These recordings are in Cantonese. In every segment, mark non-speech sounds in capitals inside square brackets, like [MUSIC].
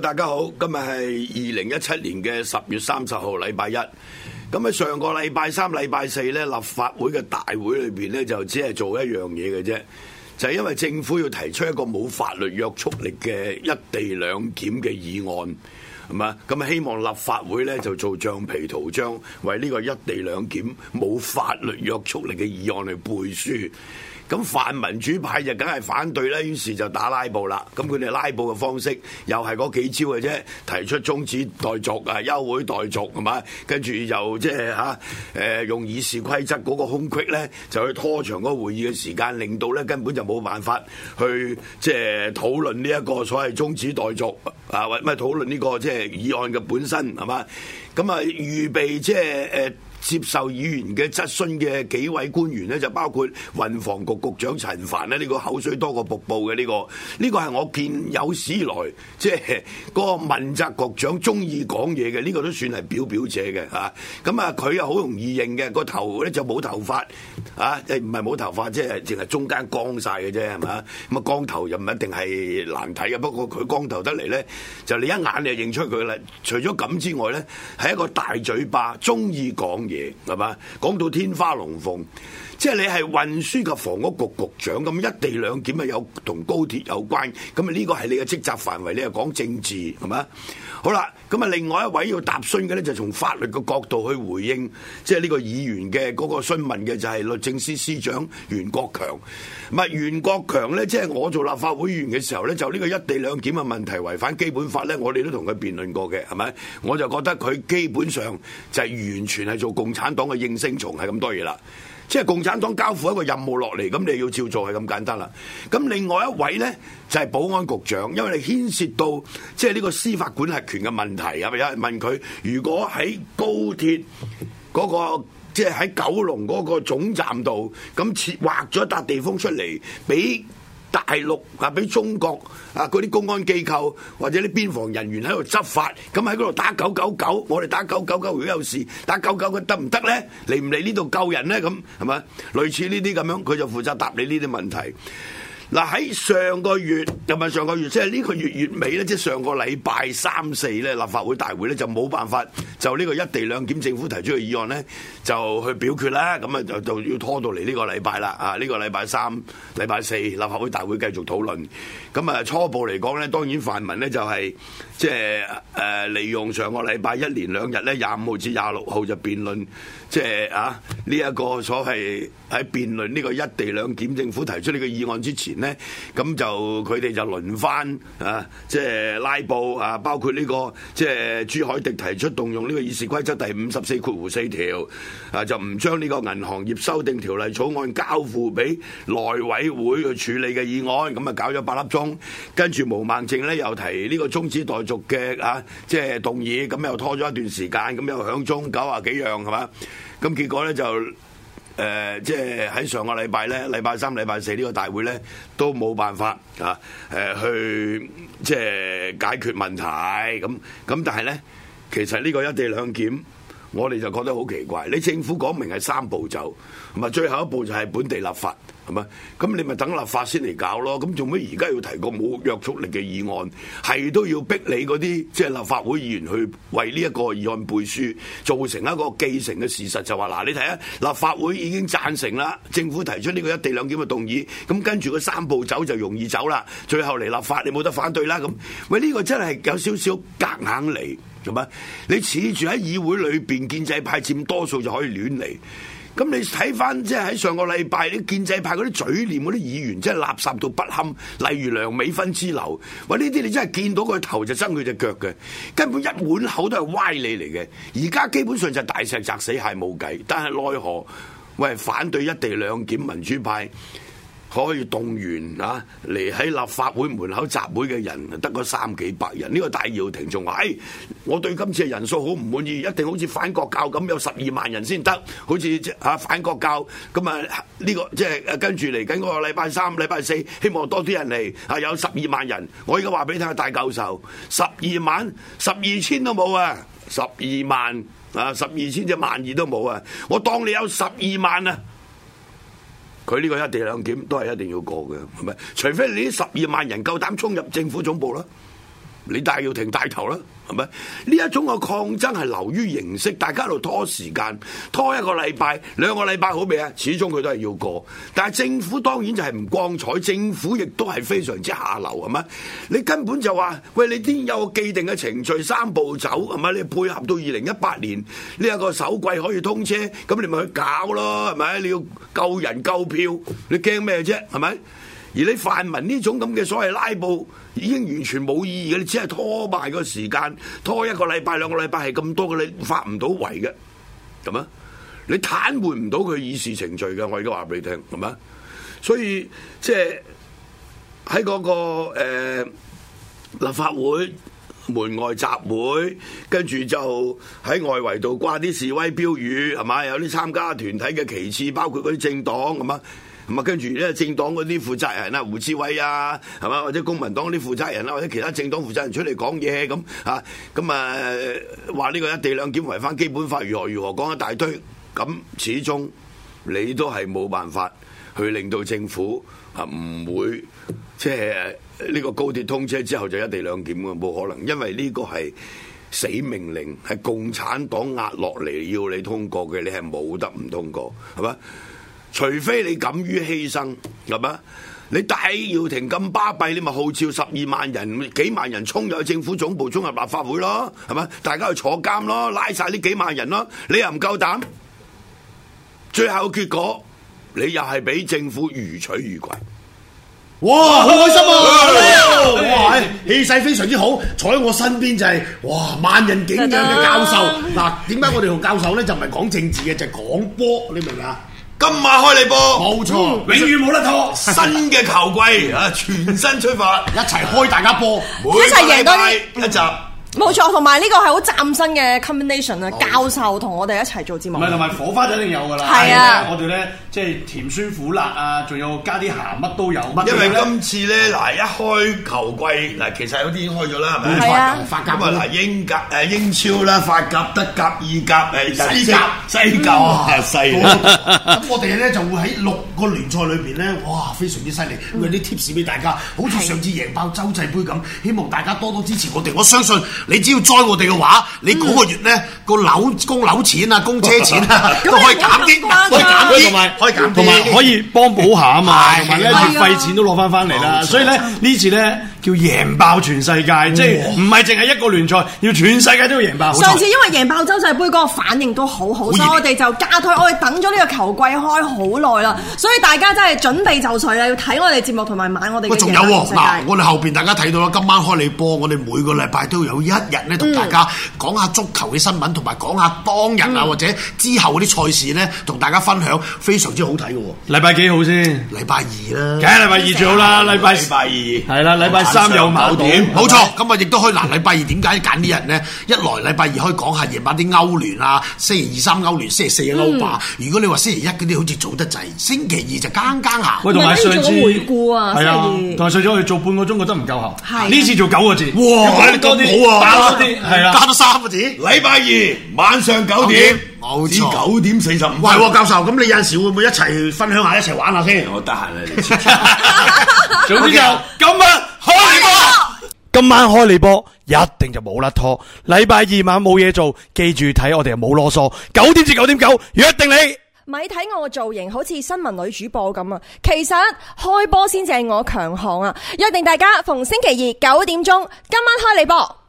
大家好，今日係二零一七年嘅十月三十號，禮拜一。咁喺上個禮拜三、禮拜四咧，立法會嘅大會裏邊咧，就只係做一樣嘢嘅啫，就係因為政府要提出一個冇法律約束力嘅一地兩檢嘅議案。係嘛？咁希望立法會咧就做橡皮圖章，為呢個一地兩檢冇法律約束力嘅議案嚟背書。咁泛民主派就梗係反對咧，於是就打拉布啦。咁佢哋拉布嘅方式又係嗰幾招嘅啫，提出終止待續啊、休會待續係嘛，跟住又即係吓誒用議事規則嗰個空隙咧，就去拖長個會議嘅時間，令到咧根本就冇辦法去即係討論呢一個所謂終止待續啊，或咩討論呢個即係。就是誒議案嘅本身係嘛，咁啊預備即係誒。就是呃接受議員嘅質詢嘅幾位官員咧，就包括運房局局長陳帆咧，呢、這個口水多過瀑布嘅呢、這個呢、這個係我見有史以來即係、就是、個問責局長中意講嘢嘅，呢、這個都算係表表者嘅，吓咁啊，佢又好容易認嘅，個頭咧就冇頭髮啊，誒唔係冇頭髮，即係淨係中間光晒嘅啫，係嘛？咁啊，光頭又唔一定係難睇嘅，不過佢光頭得嚟咧，就你一眼你就認出佢啦。除咗咁之外咧，係一個大嘴巴，中意講嘢。係嘛？講到天花龍鳳，即係你係運輸及房屋局局長咁一地兩檢啊，有同高鐵有關，咁啊呢個係你嘅職責範圍，你又講政治係嘛？好啦，咁啊另外一位要答詢嘅呢，就從法律嘅角度去回應，即係呢個議員嘅嗰個詢問嘅，就係律政司司長袁國強。唔係袁國強呢，即係我做立法會議員嘅時候呢，就呢個一地兩檢嘅問題違反基本法呢，我哋都同佢辯論過嘅，係咪？我就覺得佢基本上就係完全係做。共產黨嘅應聲蟲係咁多嘢啦，即係共產黨交付一個任務落嚟，咁你要照做係咁簡單啦。咁另外一位呢，就係、是、保安局長，因為你牽涉到即係呢個司法管轄權嘅問題，係咪有人問佢？如果喺高鐵嗰、那個即係喺九龍嗰個總站度，咁設劃咗一笪地方出嚟俾。大陸啊，俾中國啊，嗰啲公安機構或者啲邊防人員喺度執法，咁喺嗰度打九九九，我哋打九九九如果有事，打九九九得唔得呢？嚟唔嚟呢度救人呢？咁係咪？類似呢啲咁樣，佢就負責答你呢啲問題。嗱，喺上個月，又唔係上個月，即係呢個月月尾咧，即係上個禮拜三四咧，立法會大會咧就冇辦法就呢個一地兩檢政府提出嘅議案咧，就去表決啦。咁啊就就要拖到嚟呢個禮拜啦。啊，呢個禮拜三、禮拜四，立法會大會繼、啊這個、續討論。咁啊初步嚟講咧，當然泛民咧就係即係誒利用上個禮拜一連、連兩日咧，廿五號至廿六號就辯、是、論，即係啊呢一、這個所謂喺辯論呢個一地兩檢政府提出呢個議案之前。咧咁就佢哋就輪番啊，即係拉布啊，包括呢個即係朱海迪提出動用呢個議事規則第五十四括弧四條啊，就唔將呢個銀行業修訂條例草案交付俾內委會去處理嘅議案，咁啊搞咗八粒鐘，跟住毛孟靜呢又提呢個中止待續嘅啊，即係動議，咁又拖咗一段時間，咁又響鐘九啊幾樣係嘛，咁結果呢就。誒，即係喺上個禮拜咧，禮拜三、禮拜四呢個大會咧，都冇辦法啊！誒，去即係解決問題咁咁，但係咧，其實呢個一地兩檢。我哋就覺得好奇怪，你政府講明係三步走，咁最後一步就係本地立法，係咪？咁你咪等立法先嚟搞咯。咁做咩而家要提個冇約束力嘅議案，係都要逼你嗰啲即係立法會議員去為呢一個議案背書，造成一個既成嘅事實，就話嗱，你睇下，立法會已經贊成啦，政府提出呢個一地兩檢嘅動議，咁跟住個三步走就容易走啦。最後嚟立法你冇得反對啦。咁喂，呢個真係有少少夾硬嚟。做乜？你恃住喺議會裏邊建制派佔多數就可以亂嚟？咁你睇翻即係喺上個禮拜你建制派嗰啲嘴臉嗰啲議員，真係垃圾到不堪。例如梁美芬之流，喂，呢啲你真係見到佢頭就憎佢隻腳嘅，根本一碗口都係歪理嚟嘅。而家基本上就大石砸死蟹冇計，但係奈何喂反對一地兩檢民主派？可以動員啊！嚟喺立法會門口集會嘅人，得個三幾百人。呢個戴耀廷仲話，誒，我對今次嘅人數好唔滿意，一定好似反國教咁，有十二萬人先得。好似啊反國教咁啊，呢個即係誒跟住嚟緊嗰個禮拜三、禮拜四，希望多啲人嚟啊！有十二萬人，我而家話俾你聽，大教授，十二萬、十二千都冇啊！十二萬啊，十二千即係萬二都冇啊！我當你有十二萬啊！佢呢個一地兩檢都係一定要過嘅，係咪？除非你啲十二萬人夠膽衝入政府總部啦！你大要停大頭啦，係咪？呢一種個抗爭係流於形式，大家喺度拖時間，拖一個禮拜、兩個禮拜好未啊？始終佢都係要過，但係政府當然就係唔光彩，政府亦都係非常之下流，係咪？你根本就話喂，你啲有個既定嘅程序，三步走，係咪？你配合到二零一八年呢一個首季可以通車，咁你咪去搞咯，係咪？你要救人救票，你驚咩啫？係咪？而你泛民呢種咁嘅所謂拉布，已經完全冇意義嘅，你只係拖埋個時間，拖一個禮拜、兩個禮拜係咁多嘅，你發唔到圍嘅，咁啊，你癱瘓唔到佢議事程序嘅，我而家話俾你聽，係嘛，所以即係喺嗰個、呃、立法會門外集會，跟住就喺外圍度掛啲示威標語，係嘛，有啲參加團體嘅旗幟，包括嗰啲政黨咁啊。咁啊，跟住咧，政黨嗰啲負責人啊，胡志偉啊，係嘛，或者公民黨啲負責人啊，或者其他政黨負責人出嚟講嘢咁，啊，咁啊，話呢個一地兩檢違反基本法，如何如何講一大堆，咁始終你都係冇辦法去令到政府啊唔會即係呢個高鐵通車之後就一地兩檢嘅，冇可能，因為呢個係死命令，係共產黨壓落嚟要你通過嘅，你係冇得唔通過，係嘛？除非你敢於犧牲，係嘛？你戴耀廷咁巴閉，你咪號召十二萬人，幾萬人衝入政府總部，衝入立法會咯，係嘛？大家去坐監咯，拉晒呢幾萬人咯，你又唔夠膽？最後結果，你又係俾政府如取如攜。哇，好開心啊！哇，氣勢非常之好，坐喺我身邊就係哇，萬人景仰嘅教授。嗱，點解我哋同教授咧就唔係講政治嘅，就係講波，你明唔明啊？今晚開你波，冇錯錯，嗯、永遠冇得拖。新嘅球季 [LAUGHS] 全新出發，一齊開大家波，每一齊贏多啲，一齊。冇錯，同埋呢個係好嶄新嘅 combination 啊！教授同我哋一齊做節目，唔係同埋火花就一定有㗎啦。係啊，我哋咧即係甜酸苦辣啊，仲有加啲鹹乜都有。因為今次咧嗱，一開球季嗱，其實有啲已經開咗啦，係咪啊？係啊！咁啊嗱，英格英超啦，法甲、德甲、意甲，誒，西甲、西甲，哇，西。咁我哋咧就會喺六個聯賽裏面咧，哇，非常之犀利。我哋啲 tips 俾大家，好似上次贏爆洲際杯咁，希望大家多多支持我哋。我相信。你只要栽我哋嘅話，你嗰個月咧個樓，供樓錢啊、供車錢啊，都可以減啲，可以減啲，同埋可以減同埋可以幫補下啊嘛，同埋咧連費錢都攞翻翻嚟啦。所以咧呢次咧叫贏爆全世界，即係唔係淨係一個聯賽，要全世界都要贏爆。上次因為贏爆洲際杯個反應都好好，所以我哋就加推，我哋等咗呢個球季開好耐啦，所以大家真係準備就緒啦，要睇我哋節目同埋買我哋嘅。仲有嗱，我哋後邊大家睇到啦，今晚開你播，我哋每個禮拜都有一七日咧同大家講下足球嘅新聞，同埋講下當日啊或者之後嗰啲賽事咧，同大家分享非常之好睇嘅喎。禮拜幾好先？禮拜二啦，梗係禮拜二最好啦。禮拜二係啦，禮拜三有某點？冇錯，咁啊亦都可以。嗱，禮拜二點解揀呢日咧？一來禮拜二可以講下夜晚啲歐聯啊，星期二三歐聯，星期四嘅歐霸。如果你話星期一嗰啲好似早得滯，星期二就更更行。喂，同埋上次，係啊，同埋上次我哋做半個鐘覺得唔夠喉，呢次做九個字，哇，多啲。加多啲，係加多三個字。禮拜二晚上九點，九點至九點四十五。喂，教授，咁你有陣時會唔會一齊分享下，一齊玩下先？我得閒啦，你知道 [LAUGHS] 總之就、okay 啊、今晚開你波。波今晚開你波，一定就冇甩拖。禮拜二晚冇嘢做，記住睇我哋又冇囉嗦。九點至九點九，約定你。咪睇我嘅造型，好似新聞女主播咁啊！其實開波先至係我強項啊！約定大家逢星期二九點鐘，今晚開你波。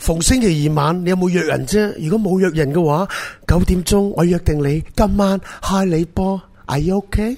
逢星期二晚，你有冇約人啫？如果冇約人嘅話，九點鐘我約定你今晚嗨你波，are you OK。